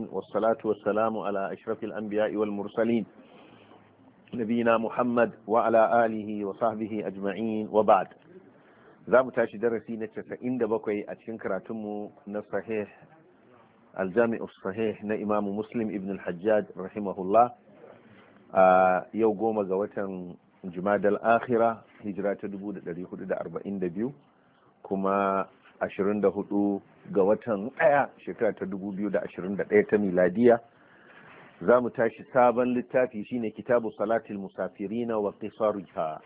والصلاة والسلام على أشرف الأنبياء والمرسلين نبينا محمد وعلى آله وصحبه أجمعين وبعد za mu tashi darasi na 97 a cikin karatunmu na sahih aljami'u sahih na imamu muslim ibn hajjaj rahimahullah a yau goma ga watan jumadal akhira hijira ta 1442 kuma 24 ga watan ɗaya shekara ta 2021 ta miladiya za mu tashi sabon littafi shine kitabu salatul musafirina wa qisariha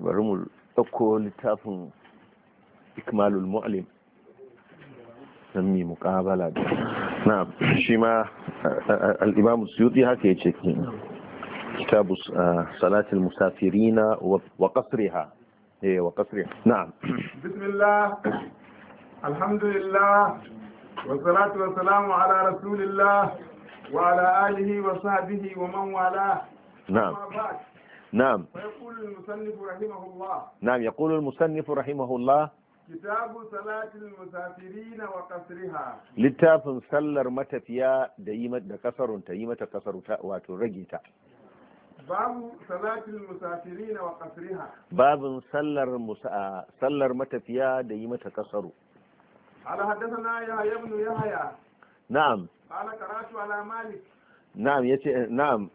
bari mu ɗauko littafin ikmalul mu'allim don mi muƙabala da na shi ma al'imamu suyuti haka ya ce kitabu ah, salatul musafirina wa qasriha ايه وقصرها نعم بسم الله الحمد لله والصلاة والسلام على رسول الله وعلى آله وصحبه ومن والاه نعم نعم ويقول المصنف رحمه الله نعم يقول المصنف رحمه الله كتاب صلاة المسافرين وقصرها لتاف سلر متفيا ديمت دكسر تيمت كسر واتو رجيتا babu salatul musafirin wa qasriha babun sallar sallar matafiya da yi mata kasaru ala haddathana yahya ibn yahya na'am ala karatu ala malik na'am yace na'am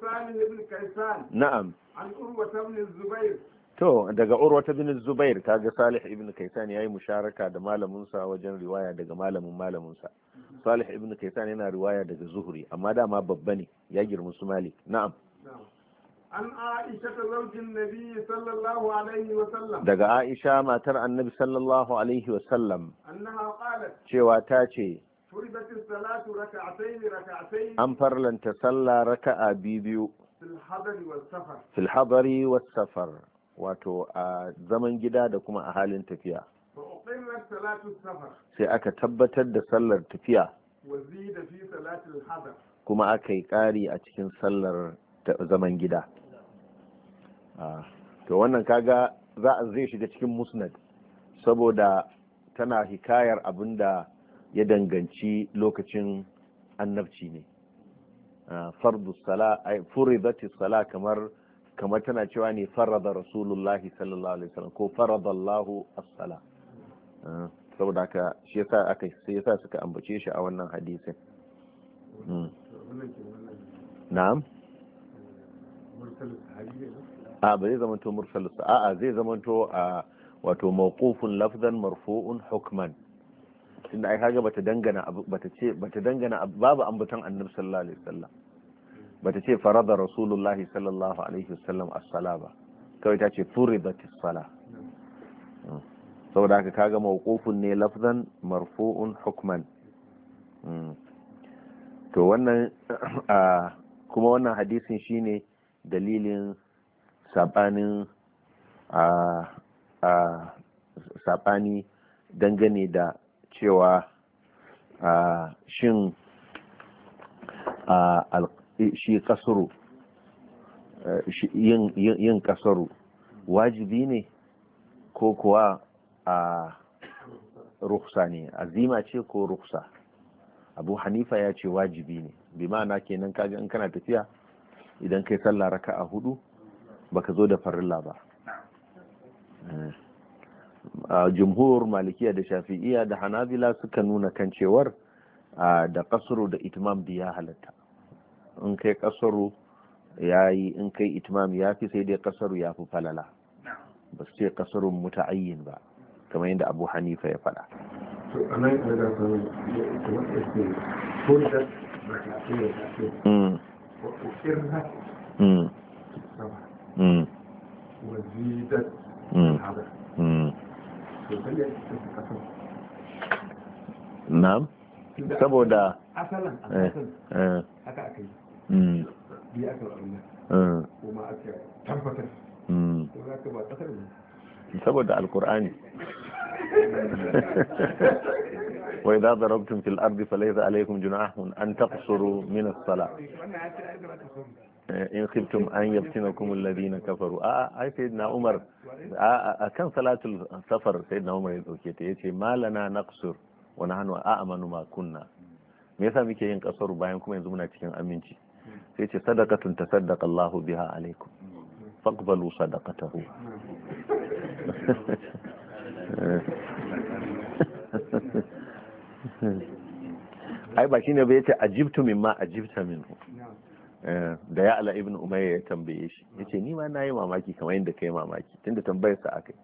salih ibn kaisan na'am an urwa ibn zubair to daga urwa ibn zubair kaga salih ibn kaisan yayi musharaka da malamin sa wajen riwaya daga malamin malamin sa salih ibn kaisan yana riwaya daga zuhri amma dama babba ne ya girma su malik na'am na'am daga Aisha matar annabi sallallahu alaihi wasallam cewa ta ce an farlanta sallah raka'a biyu fil hadari was wato a zaman gida da kuma a halin tafiya sai aka tabbatar da sallar tafiya kuma aka yi ƙari a cikin sallar zaman gida ah, to wannan kaga za a zai shiga cikin musnad saboda tana hikayar abin da ya danganci lokacin annabci ne ah, fardu sala furidati sala kamar kamar tana cewa ne farada rasulullahi sallallahu alaihi wasallam ko farada Allahu as-sala ah, saboda haka shi yasa aka sai yasa suka ambace shi a wannan hadisin hmm. na'am a ba zai zamanto mursalus a a zai zamanto a wato mawqufun lafzan marfu'un hukman tunda ai kaga bata dangana bata ce bata dangana babu ambaton annabi sallallahu alaihi wasallam bata ce farada rasulullahi sallallahu alaihi wasallam as-sala ba kawai ta ce furidat as-sala hmm. saboda haka kaga mawqufun ne lafzan marfu'un hukman hmm. to wannan kuma wannan hadisin shine dalilin sabanin a a sabani dangane da cewa a shin a shi kasaru yin kasaru wajibi ne ko kuwa a ruksa ne azima ce ko ruksa abu hanifa ya ce wajibi ne bi ma'ana kenan kaji in kana tafiya idan kai sallah raka a hudu baka zo da farilla ba eh. a jumhur malikiya da shafi'iya da hanabila suka nuna kan cewar da kasuru da itimam da ya halatta in kai kasuru ya yi in kai itimam ya fi sai dai kasuru ya fi falala ba su ce kasarun muta'ayyin ba kamar yadda abu hanifa ya faɗa Nam? na'am saboda asalin haka aka yi biya aka kuma aka tabbatar ba saboda alkur'ani wa idza darabtum fil ardi falaysa alaykum junahun an taqsuru min as in khiftum an yaftinakum alladhina kafaru a ai sayyidina umar a kan salatul safar sayyidina umar ya dauke ta yace malana naqsur wa nahnu a'manu ma kunna me yasa muke yin kasar bayan kuma yanzu muna cikin aminci sai ce sadaqatun tasaddaqa Allahu biha alaikum faqbalu sadaqatahu ai ba shine bai ce ajibtu mimma ajibta minhu eh, da ya ala ibn umayya ya tambaye shi yace ni ma nayi mamaki kamar yadda kai mamaki tunda tambayar sa akai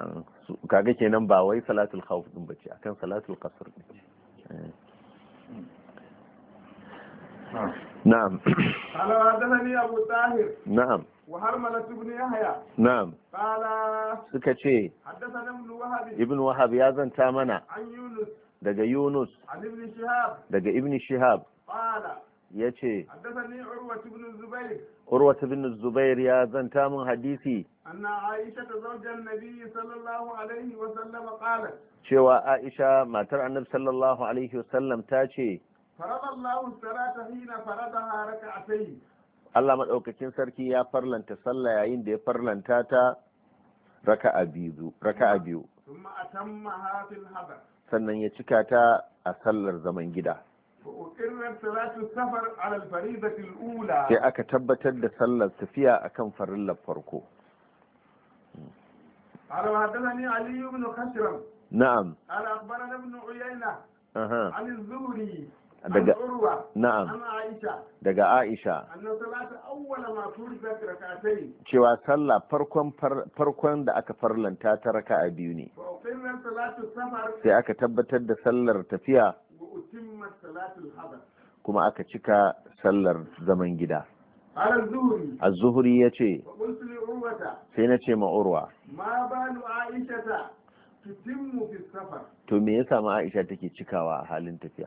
eh, kaga kenan ba wai salatul khawf din bace akan salatul qasr din eh. ah. na'am ala ni abu tahir na'am وهرملة بن يحيى نعم قال سكتشي حدثنا ابن وهب ابن وهب يا زن تامنا عن يونس دقى يونس عن ابن شهاب دقى ابن شهاب قال يتشي حدثني عروة بن الزبير عروة بن الزبير يا زن تام حديثي أن عائشة زوج النبي صلى الله عليه وسلم قالت شوى عائشة ما ترى النبي صلى الله عليه وسلم تاتشي فرض الله الصلاة حين فرضها ركعتين Allah maɗaukakin sarki ya farlanta sallah yayin da ya farlanta ta raka a biyu sannan ya cika ta a sallar zaman gida sai aka tabbatar da sallar tafiya a farillar farko قال Na'am. علي بن daga na'am daga Aisha cewa sallah farkon farkon da aka farlanta ta raka'a biyu ne sai aka tabbatar da sallar tafiya kuma aka cika sallar zaman gida az-zuhri yace sai na ce ma urwa ma aisha to me yasa ma aisha take cikawa a halin tafiya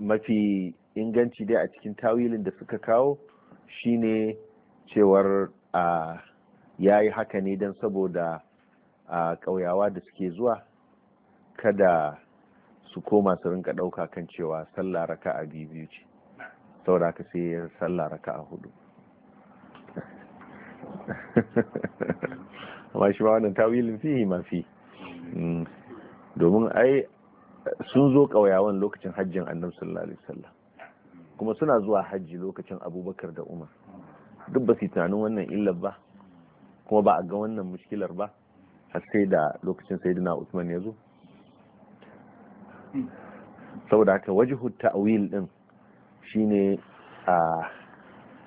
mafi inganci dai a cikin tawilin da suka kawo shine cewar ya yi haka ne don saboda a ƙauyawa da suke zuwa kada su koma su rinka ɗauka kan cewa sallah raka a biyu ce sauraka ka yin sallah raka a hudu amma shi ma wannan tawilin fihi mafi hmm. domin ai sun zo ƙauyawan lokacin hajjin annabi sallallahu alaihi wasallam kuma suna zuwa hajji lokacin abubakar da umar duk ba su tunanin wannan illar ba kuma ba a ga wannan mushkilar ba har sai da lokacin sayyidina usman ya zo saboda haka a ta'wil din shine a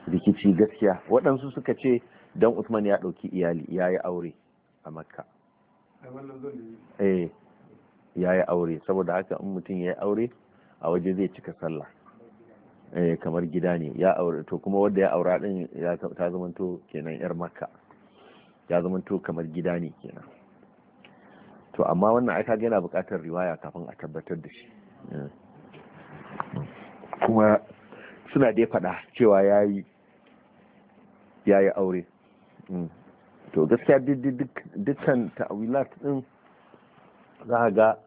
rikici gaskiya waɗansu suka ce dan usman ya ɗauki iyali ya yi aure a makka eh ya yi aure saboda haka in mutum ya yi aure a waje zai cika sallah eh, kamar gida ne ya aure to kuma wanda ya aura din ta zamanto kenan yar makka ya zamanto kamar gida ne kenan to amma wannan aka kaga yana buƙatar riwaya kafin a tabbatar da shi eh. kuma suna dai faɗa cewa ya yi aure hmm. to gaskiya dukkan ta'awilat din za a ga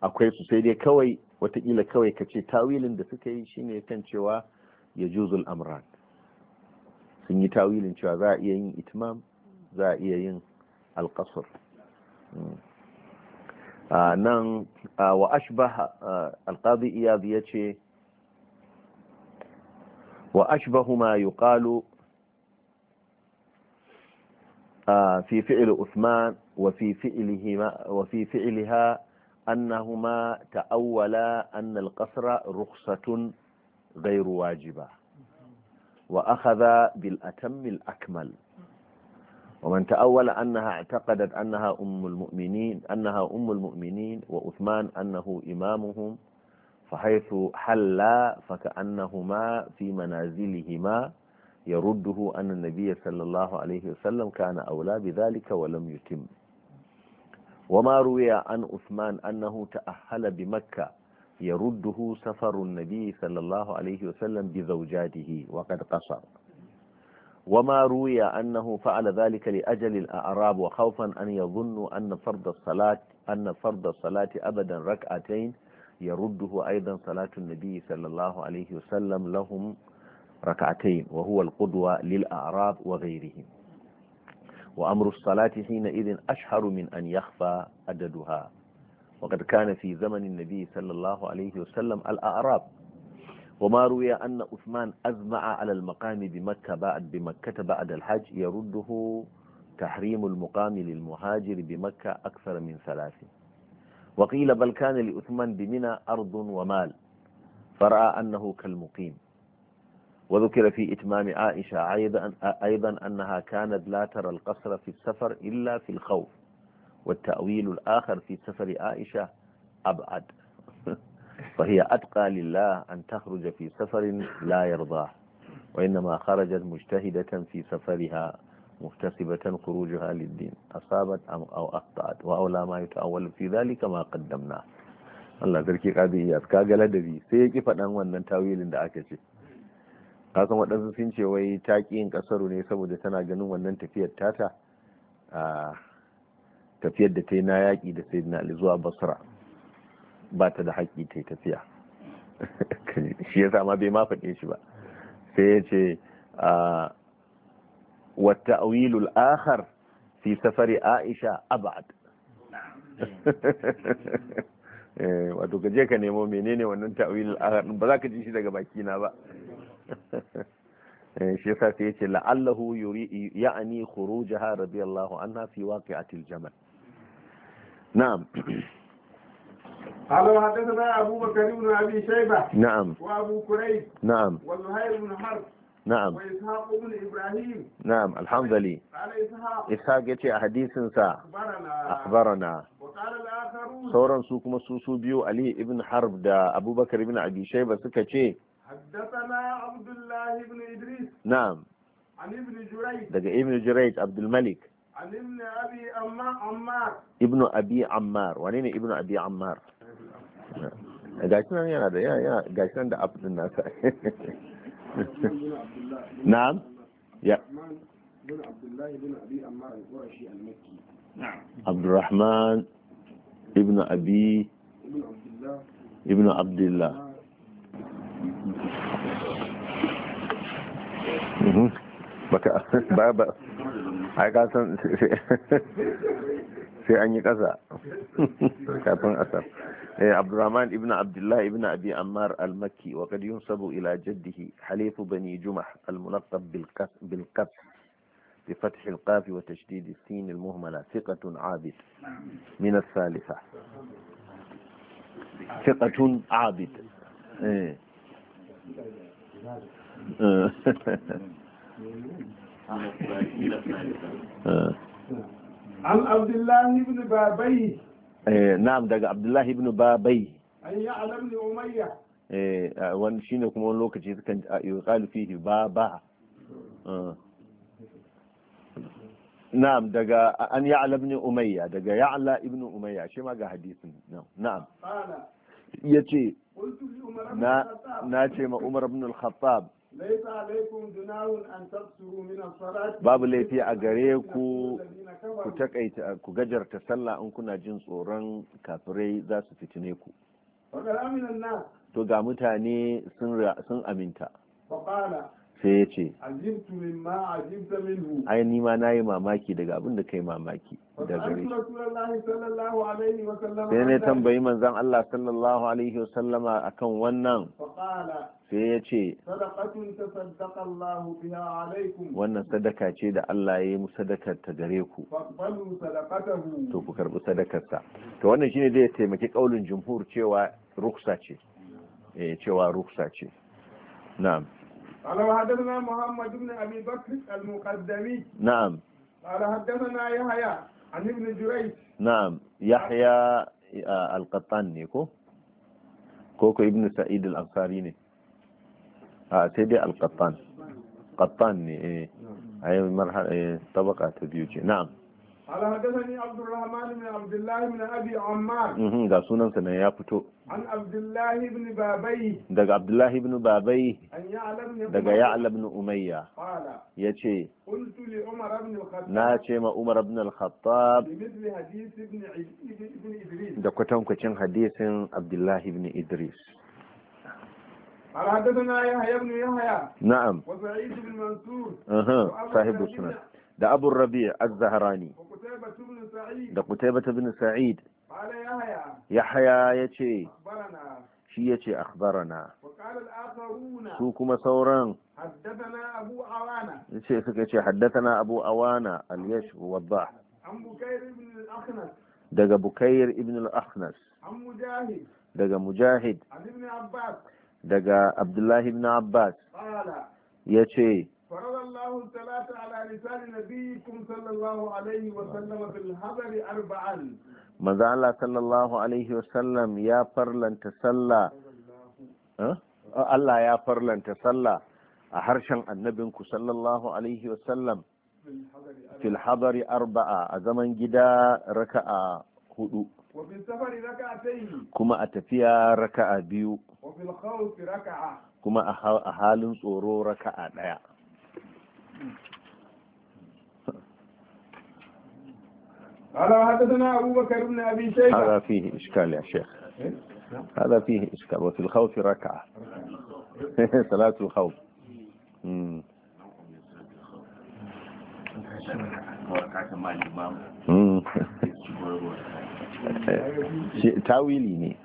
akwai su sai dai kawai watakila kawai ka ce tawilin da suka yi shine kan cewa ya juzul amran sun yi tawilin cewa za a iya yin itimam za a iya yin alkasur hmm. nan wa ashbaha alkazi iyad ya ce wa ashbahu ma yuqalu fi fi'l Usman. وفي فعلهما وفي فعلها أنهما تأولا أن القصر رخصة غير واجبة وأخذ بالأتم الأكمل ومن تأول أنها اعتقدت أنها أم المؤمنين أنها أم المؤمنين وأثمان أنه إمامهم فحيث حلا فكأنهما في منازلهما يرده أن النبي صلى الله عليه وسلم كان أولى بذلك ولم يتم وما روي عن عثمان أنه تأهل بمكة يرده سفر النبي صلى الله عليه وسلم بزوجاته وقد قصر وما روي أنه فعل ذلك لأجل الأعراب وخوفا أن يظنوا أن فرض الصلاة أن فرض الصلاة أبدا ركعتين يرده أيضا صلاة النبي صلى الله عليه وسلم لهم ركعتين وهو القدوة للأعراب وغيرهم وأمر الصلاة حينئذ أشهر من أن يخفى عددها وقد كان في زمن النبي صلى الله عليه وسلم الأعراب وما روي أن أثمان أزمع على المقام بمكة بعد بمكة بعد الحج يرده تحريم المقام للمهاجر بمكة أكثر من ثلاث وقيل بل كان لأثمان بمنى أرض ومال فرأى أنه كالمقيم وذكر في إتمام عائشة أيضا, أيضا أنها كانت لا ترى القصر في السفر إلا في الخوف والتأويل الآخر في سفر عائشة أبعد فهي أتقى لله أن تخرج في سفر لا يرضاه وإنما خرجت مجتهدة في سفرها مكتسبة خروجها للدين أصابت أم أو أخطأت وأولى ما يتأول في ذلك ما قدمناه الله ذلك kadiyas ka ga ladabi sai ya ki faɗan wannan kasan waɗansu sun ce wai ta ƙi yin ƙasaru ne saboda tana ganin wannan tafiyar tata a tafiyar da ta yi na yaƙi da sai na zuwa basra ba ta da haƙƙi ta yi tafiya shi ya sama bai ma faɗe shi ba sai ya ce wata awilul ahar fi safari aisha abad eh, wato ka je ka nemo menene wannan ta'awilul ahar ba za ka ji shi daga baki na ba shi yasa sai yace la'allahu yuri ya'ni khurujaha radiyallahu anha fi waqi'atil jamal na'am قالوا حدثنا أبو بكر بن أبي شيبة نعم وأبو كريب نعم وزهير بن حرب نعم وإسحاق بن إبراهيم نعم الحمد لله قال إسحاق إسحاق يتي أحاديث سا أخبرنا أخبرنا وقال الآخرون سورا سوكما سوسو بيو علي بن حرب دا أبو بكر بن أبي شيبة سكتي حدثنا عبد الله بن إدريس نعم عن ابن جريج دقى ابن جريج عبد الملك عن ابن أبي عمار ابن أبي عمار وعنين ابن أبي عمار gashinan yana da yana gashinan da abdin nasa na'am ابن عبد الله baka assist ba ba ai ka san sai an yi kasa kafin asar abdurrahman ibn abdullah ibn abi ammar al-makki wa qad yunsabu ila jaddihi halif bani jumah al-munaqab bil kas bil kas بفتح القاف وتشديد السين المهملة ثقة عابد من الثالثة ثقة عابد Eh. abdullahi ibn babai eh, na'am daga abdullahi ibn babai an ne umayya eh, wani shine kuma wani lokaci sukan yuqalu daga ya'la ibn umayya shima ga hadisin ya ce na ce ma umar ibn al-khattab babu laifi a gare ku ku takaita ku gajarta sallah in kuna jin tsoron kafirai za su fitine ku to ga mutane sun aminta sai ya ce ai ni ma na yi mamaki daga abin da kai mamaki da gare sai ne tambayi manzan Allah sallallahu alaihi wasallama akan wannan sai ya ce wannan sadaka ce da Allah ya yi mu sadakar ta gare ku to ku karbi sadakarsa to wannan shine zai taimaki kaulin jumhur cewa ruksa ce eh, cewa ruksa ce na'am قال وحدثنا محمد بن ابي بكر المقدمي نعم قال حدثنا يحيى عن ابن جريج نعم يحيى آه، القطاني كو كوكو ابن سعيد الانصاري ne a sai dai اي ƙattan ne a نعم قال حدثني عبد الرحمن بن عبد الله بن ابي عمار امم ده سنن سنه يا فتو عن عبد الله بن بابي ده عبد الله بن بابي ان يعلى بن ده يعلى بن اميه قال يجي قلت لعمر بن الخطاب ناچه ما عمر بن الخطاب بمثل حديث ابن ابن ادريس ده كوتنكوتين حديث عبد الله بن ادريس قال حدثنا يحيى بن يحيى نعم وسعيد بن منصور اها صاحب السنه ده ابو الربيع الزهراني da kutaibata bin Sa'id Yahya ce shi ya ce akhbarana su kuma sauran yace suka ce haddathana Abu Awana al-Yash wa daga bukayir ibn al-Akhnas daga Mujahid daga Abdullahi ibn Abbas ya ce. فرض الله الصلاة على لسان نبيكم صلى الله عليه وسلم في الحضر أربعا من الله صلى الله عليه وسلم يا فرلن تسلى ya farlanta sallah a harshen annabinku sallallahu alaihi wasallam fil hadari arba'a a zaman gida raka'a hudu kuma a tafiya raka'a biyu kuma a halin tsoro raka'a ɗaya. قال حدثنا أبو بكر بن أبي شيبة هذا فيه إشكال يا شيخ إيه؟ هذا فيه إشكال وفي الخوف ركعة صلاة الخوف تاويليني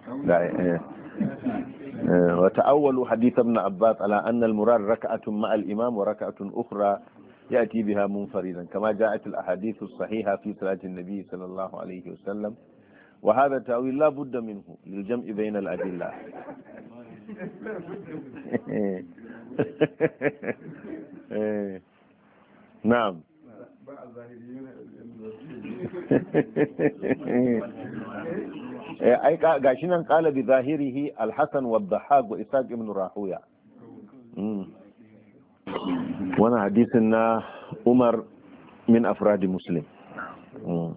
آه، وتأولوا حديث ابن عباس على أن المراد ركعة مع الإمام وركعة أخرى يأتي بها منفردا كما جاءت الأحاديث الصحيحة في صلاة النبي صلى الله عليه وسلم وهذا تأويل لا بد منه للجمع بين الأدلة نعم Eh, ai gashi nan qala bi zahirihi al-hasan wa dhahhak wa isaq ibn rahuya hmm. wannan hadisin na umar min afradi muslim hmm.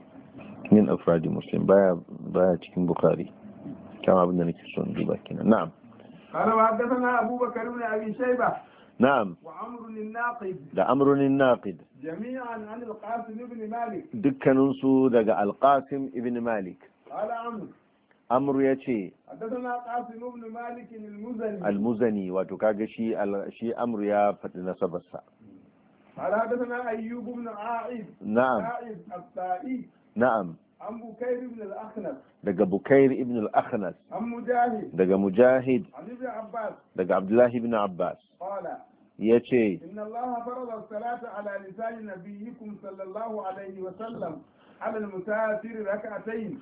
min afradi muslim baya baya cikin bukhari kama abin da nake son duba kina na'am qala wa haddathana abubakar ibn abi shayba na'am wa lin نعم وعمر الناقد ده عمر الناقد جميعا عن القاسم ابن مالك دكنسو دغ القاسم ابن مالك قال عمرو amru ya ce almuzani wato kaga shi shi amru ya faɗi nasabarsa na'am na'am عن بكير بن الأخنس دقى بكير بن الأخنس عن مجاهد دقى مجاهد عن ابن عباس دقى عبد الله بن عباس قال يتي إن الله فرض الصلاة على لسان نبيكم صلى الله عليه وسلم alal musafir rak'atayn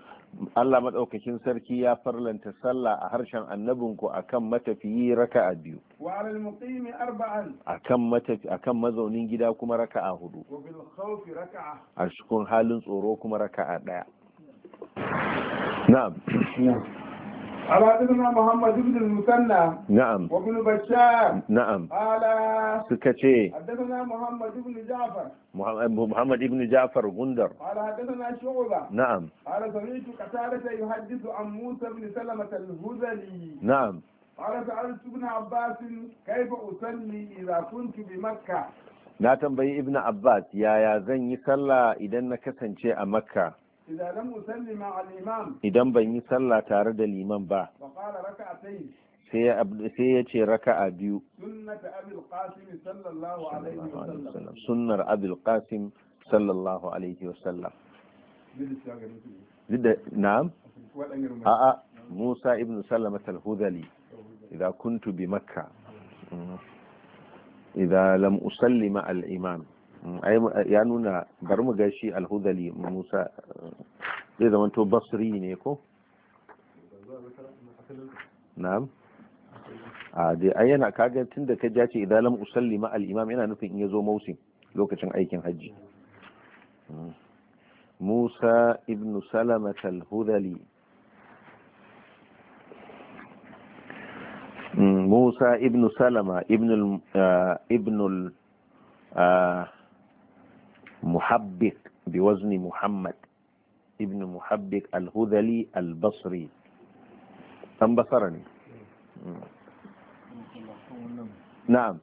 Allah madaukakin sarki ya farlanta sallah a harshen annabinku akan matafiyi raka'a biyu wa alal muqimi arba'an akan matafi akan mazaunin gida kuma raka'a hudu wa bil khawfi raka'a a cikin halin tsoro kuma raka'a daya na'am قال حدثنا محمد بن المثنى نعم وابن بشار نعم قال سكتي حدثنا محمد بن جعفر محمد بن جعفر غندر قال حدثنا شعبة نعم قال سمعت قتادة يحدث عن موسى بن سلمة الهذلي نعم قال سألت ابن عباس كيف أصلي إذا كنت بمكة na tambayi ibn abbas yaya zan yi sallah idan na kasance a makka idan ban yi sallah tare da liman ba sai ya ce raka'a biyu sunnar abul qasim sallallahu alaihi wasallam na'am a'a musa ibn salamat al idza kuntu bi idza lam al-imam ya nuna bar mu gashi alhudali musa zai zama to basri ne ko na'am a da ai yana kaga tun ka ja ce idalam usalli ma al imam yana nufin in yazo mausin lokacin aikin hajji musa ibn salama al hudali musa ibn salama ibn ah, ibn ah, محبك بوزن محمد ابن محبك الهذلي البصري أم بصرني نعم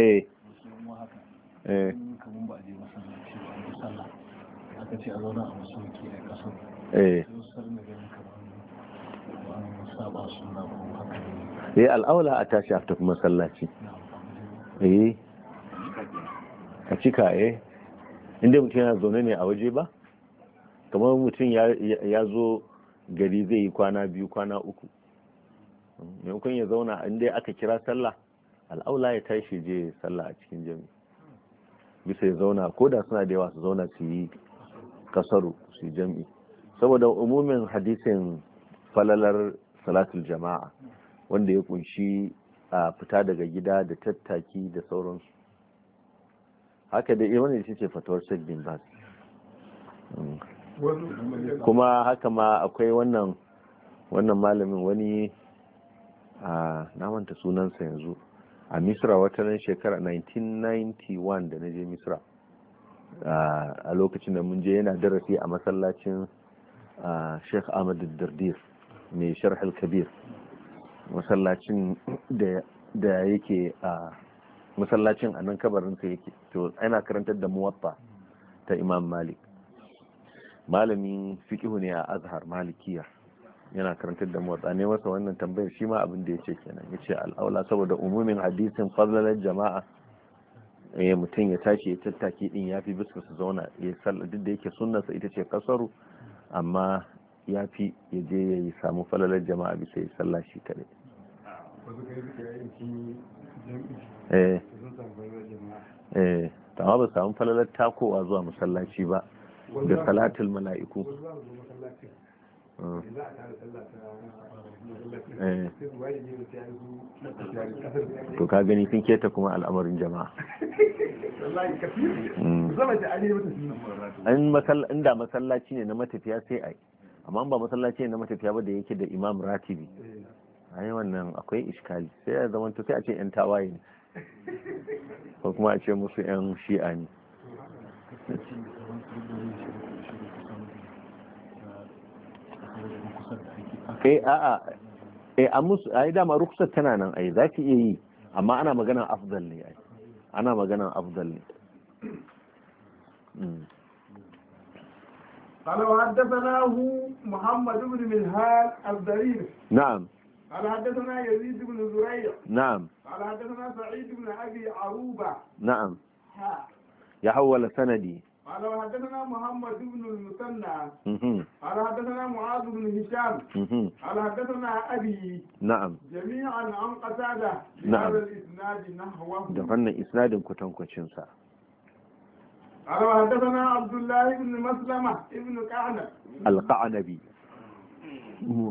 ايه ايه ايه ايه الاولى a مسلاتي ايه اتشيكا ايه inda mutum yana zaune ne a waje ba kamar mutum ya zo gari zai yi kwana biyu kwana uku maimakon ya zauna inda aka kira sallah al'aula ya tashi je sallah a cikin jami bisa ya zauna ko da suna da yawa su zauna su yi kasaru su yi jami saboda umumin hadisin falalar salatul jama'a wanda ya kunshi a fita daga gida da tattaki da sauransu haka da eh, wani ita ce fatawar Sheikh bin Baz mm. kuma haka ma akwai wannan wannan malamin wani a namanta sunansa yanzu a Misra wata nan shekara 1991 da na je Misra a lokacin da mun je yana darasi a masallacin Sheikh Ahmad Dardir mai sharhar kabir masallacin da yake a masallacin a nan kabarinsa yake to ana karantar da muwatta ta imam malik malamin fiƙihu ne a azhar malikiya yana karantar da muwatta ne masa wannan tambayar shi ma abin da ya ce kenan yace ce al'aula saboda umumin hadisin fadlalar jama'a eh mutum ya tashi ya tattaki din ya fi biska su zauna ya salla duk da yake sunnarsa ita ce kasaru amma ya fi ya je ya yi samu falalar jama'a bisa ya sallah shi kaɗai. eh, eh. ba su ba samu falalar takowa zuwa masallaci ba da salatul mala'iku hmm. eh. to ka gani sun keta kuma al'amarin jama'a an hmm. da masallaci ne na matafiya sai ai amma ba masallaci ne na matafiya ba da yake da imam ratibi eh. ai wannan akwai iskali sai a zama to sai a ce yan tawaye ne ko kuma a ce musu 'yan shi'a ne eh a eh a musu ai dama rukusar tana nan yi za ki iya yi amma ana maganan afdal ne ai ana maganan afdal ne hmm. قال وحدثناه محمد بن منهال الضرير نعم قال حدثنا يزيد بن زريع نعم قال حدثنا سعيد بن أبي عروبة نعم يا حول سندي قال حدثنا محمد بن المثنى قال حدثنا معاذ بن هشام قال حدثنا أبي نعم جميعا عن قتادة نعم هذا الإسناد نحوه دفعنا إسناد كتن كتن قال حدثنا عبد الله بن مسلمة ابن كعنب القعنبي إيه؟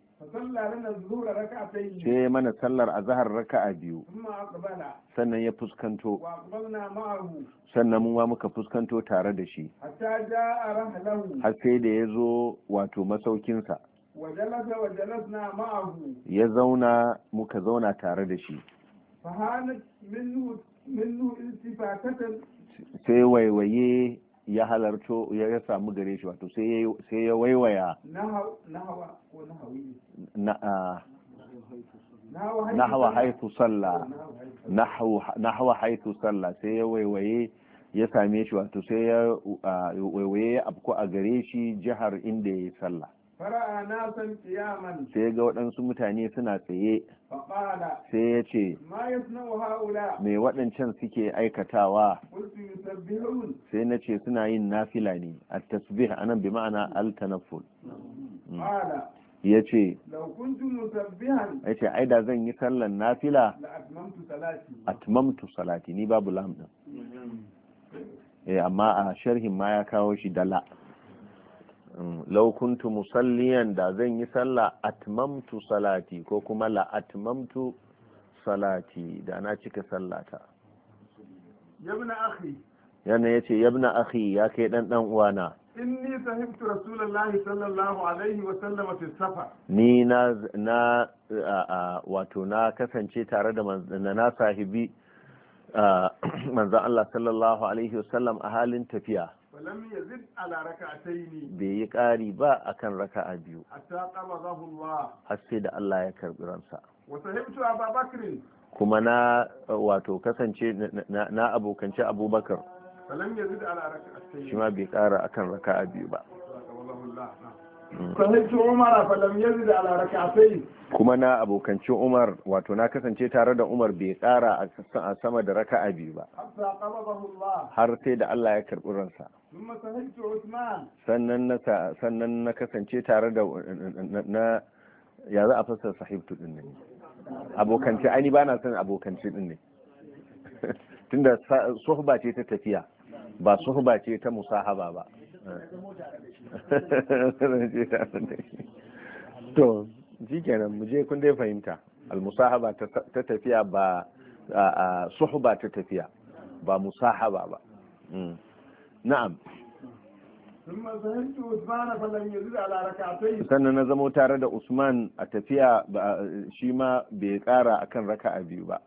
sai mana sallar raka raka'a biyu sannan ya fuskanto sannan mun ma muka fuskanto tare da shi har sai da ya zo wato masaukinsa ya zauna muka zauna tare da shi sai waiwaye ya halarto ya samu gare shi wato sai ya waiwaya nahwa haitu salla nahwa haitu salla sai ya waiwaye ya same shi wato sai ya waiwaye ya afku a gare shi jihar inda ya yi sallah fara'a san qiyaman sai ga waɗansu mutane suna tsaye sai ya ce me waɗancan suke aikatawa sai na ce suna yin nafila ne a tasbih anan bi ma'ana altanaful mm. ya ce ya ce ai da zan yi sallan nafila atmamtu salati ni babu lam mm-hmm. eh, amma a sharhin ma ya kawo shi dala. la' Mm. laukuntu musalliyan da zan yi sallah atmamtu salati ko kuma la atmamtu salati da na cika sallata yana ya yabna akhi ya kai dan dan uwana inni sahibtu rasulullahi sallallahu alaihi wa sallam fi safar ni na na wato na kasance tare da na sahibi manzon Allah sallallahu alaihi wa sallam a halin tafiya falam ala raka'ataini bai yi ƙari ba akan raka'a biyu hatta qabadahu Allah da Allah ya karbi ransa wa sahibtu Abu Bakr kuma na wato kasance na abokanci Abubakar falam ala raka'ataini shi ma bai ƙara akan raka'a biyu ba Mm. umar yazid ala rak'atayn kuma na abokancin umar wato na kasance tare da umar bai tsara a sama da raka'a biyu ba har sai da Allah ya karɓi ransa sannan na sannan na kasance tare da na ya za a fassara sahibtu din ne abokanci ai ba na son abokanci din ne tunda suhba ce ta tafiya ba suhba ce ta musahaba ba to ji kenan mu je kun dai fahimta almusahaba ta tafiya ba a suhuba ta tafiya ba musahaba ba mm. na'am sannan na zamo tare da usman a tafiya shi ma bai kara akan raka biyu ba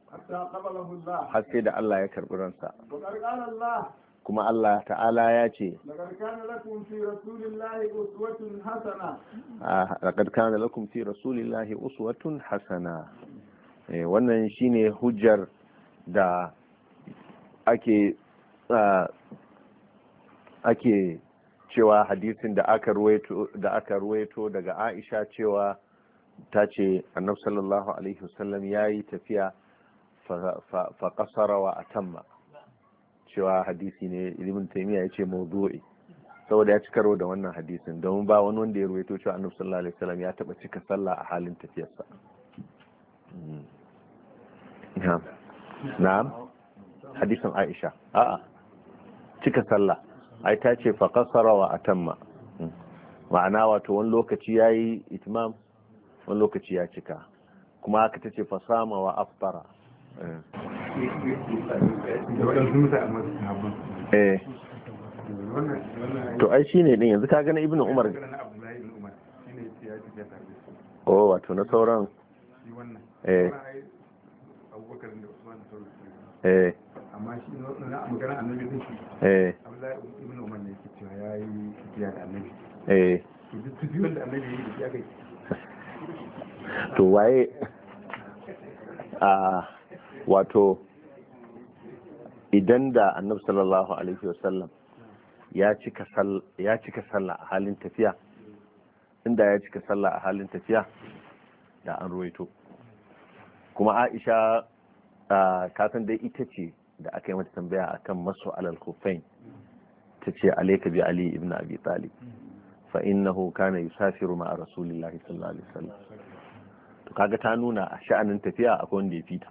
Haske da allah ya karbi ransa kuma Allah ta'ala ya ce laqad kana lakum fi rasulillahi uswatun hasana ah, eh, wannan shine hujjar da ah, ake cewa hadisin da aka ruwaito da daga Aisha cewa ta ce annabi sallallahu alaihi wasallam yayi tafiya fa qasara a atamma cewa hadisi ne ibn taymiya yace mawdu'i saboda ya ci karo da wannan hadisin domin ba wani wanda ya ruwaito cewa annabi sallallahu alaihi wasallam ya taba cika sallah a halin tafiyarsa hmm. na'am na'am hadisin Aisha a'a cika sallah ai ta ce fa qasara wa atamma hmm. ma'ana wato wani lokaci yayi itimam wani lokaci ya cika kuma haka tace fa sama wa aftara hmm. Eh. to ai shine din yanzu ka gani ibnu umar oh wato na sauran eh, eh. eh. to duk wato idan da annabi sallallahu alaihi wasallam ya cika sallah a halin tafiya inda ya cika sallah a halin tafiya da an ruwaito kuma aisha ta san dai ita ce da aka yi mata tambaya akan masu alal kufain ta ce alaika bi ali ibn abi talib fa innahu kana yusafiru ma rasulillahi sallallahu alaihi wasallam to kaga ta nuna a sha'anin tafiya akwai wanda ya fita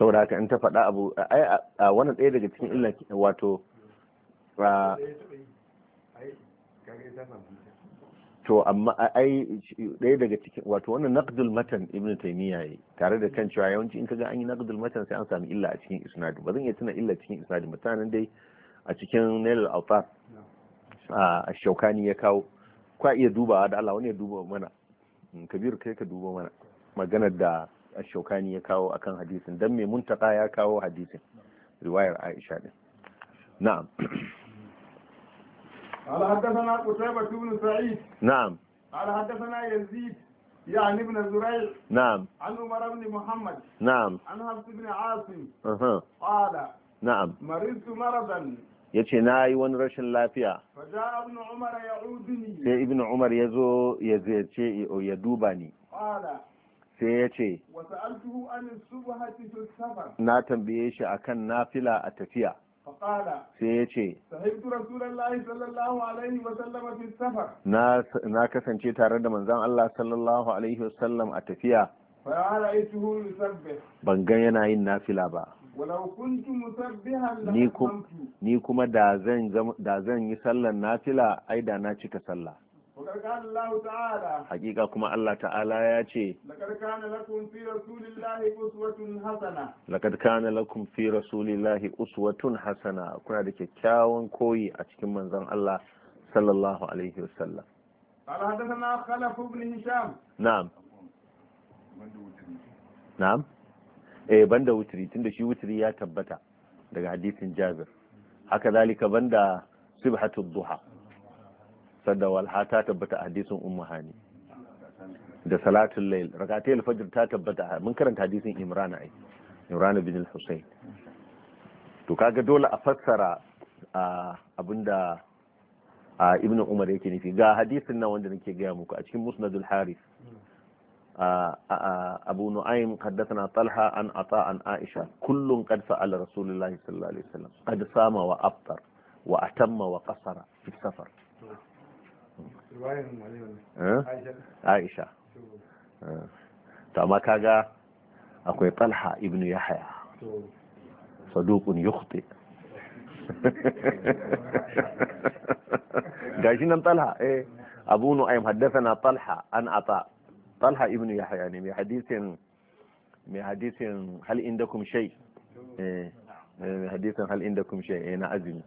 saboda haka in ta faɗa abu ai a wannan ɗaya daga cikin illa wato to amma ai ɗaya daga cikin wato wannan naqdul matan ibnu taymiya yi tare da kan cewa yawanci in kaga an yi naqdul matan sai an sami illa a cikin isnad ba zan iya tuna illa cikin isnad mutanen dai a cikin nailul awtar a shaukani ya kawo kwa iya dubawa da Allah wani ya duba mana kabir kai ka duba mana maganar da shaukani ya kawo akan hadisin dan mai muntaka ya kawo hadisin riwayar aisha din na'am قال حدثنا قتيبة بن سعيد نعم قال حدثنا يزيد يعني ابن زريع نعم An عمر بن محمد نعم عن حفص بن عاصم أه. قال نعم مرضت مرضا ya ce na yi wani rashin lafiya sai ibn umar ya zo ya ziyarce ya duba ni sai ya ce na tambaye shi akan nafila a tafiya sai ya ce na kasance tare da manzan Allah sallallahu alaihi wasallam a tafiya ban gan yana yin nafila ba ni kuma da zan yi sallar nafila ai da na cika sallah hakika kuma Allah ta'ala ya ce laqad kana lakum fi rasulillahi uswatun hasana kuna da kyakkyawan koyi a cikin manzon Allah sallallahu alaihi wasallam قال حدثنا خلف بن هشام نعم na'am eh banda wutri tunda shi wutri ya tabbata daga hadisin Jabir haka zalika banda subhatud duha sadda walha ta tabbata a hadisin ummu hani da salatul layl rakatai alfajr ta tabbata mun karanta hadisin imran ai imran bin al-husayn to kaga dole a fassara abinda ibnu umar yake nufi ga hadisin nan wanda nake gaya muku a cikin musnadul harith أبو نعيم talha an ata an aisha عائشة كل قد سأل sallallahu alaihi wasallam الله sama wa aftar wa atamma wa kasara fi safar. Eh? aisha to eh. amma kaga akwai talha ibn yahya saduqun yukhti gashi nan talha eh abu nu'aym haddathana talha an ata talha ibn yahya ne mai hadisin mai hadisin hal indakum shay eh, eh hadisin hal indakum shay na azumi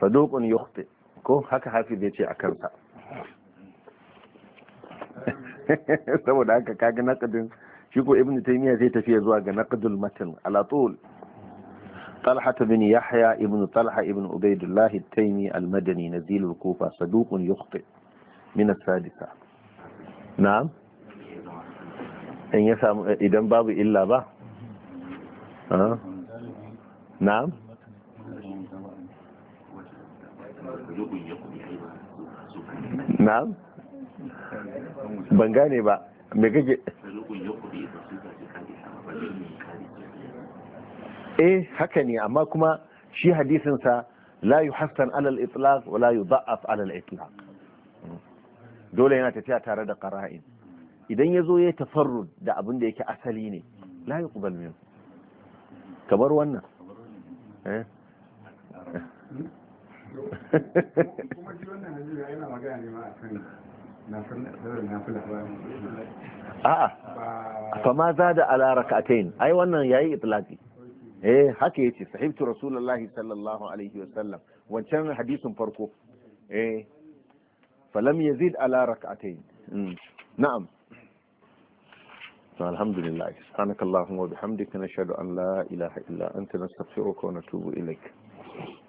saduqun yukhti ko haka hafi zai ce a kansa saboda haka kaga naqdin shi ko ibnu taymiya zai tafiya zuwa ga naqdul matan ala tul طلحة بن يحيى ابن طلحة ابن عبيد الله التيمي المدني نزيل الكوفة صدوق يخطئ من السادسة نعم إن يسام باب إلا na'am ban gane ba me kake eh haka ne amma kuma shi hadisin sa la yuhassan ala al-itlaq wa la yudha'af alal itlaq dole yana tafiya tare da qara'in idan ya zo ya tafarrud da abin da yake asali ne la yuqbal min kamar wannan eh? a kan fama za da ala raka'atain ai wannan yayi itlaqi eh haka yace sahibtu rasulullahi sallallahu alaihi wasallam wancan hadisin farko eh falam yazid ala raka'atain hmm, na'am الحمد لله سبحانك اللهم وبحمدك نشهد أن لا إله إلا أنت نستغفرك ونتوب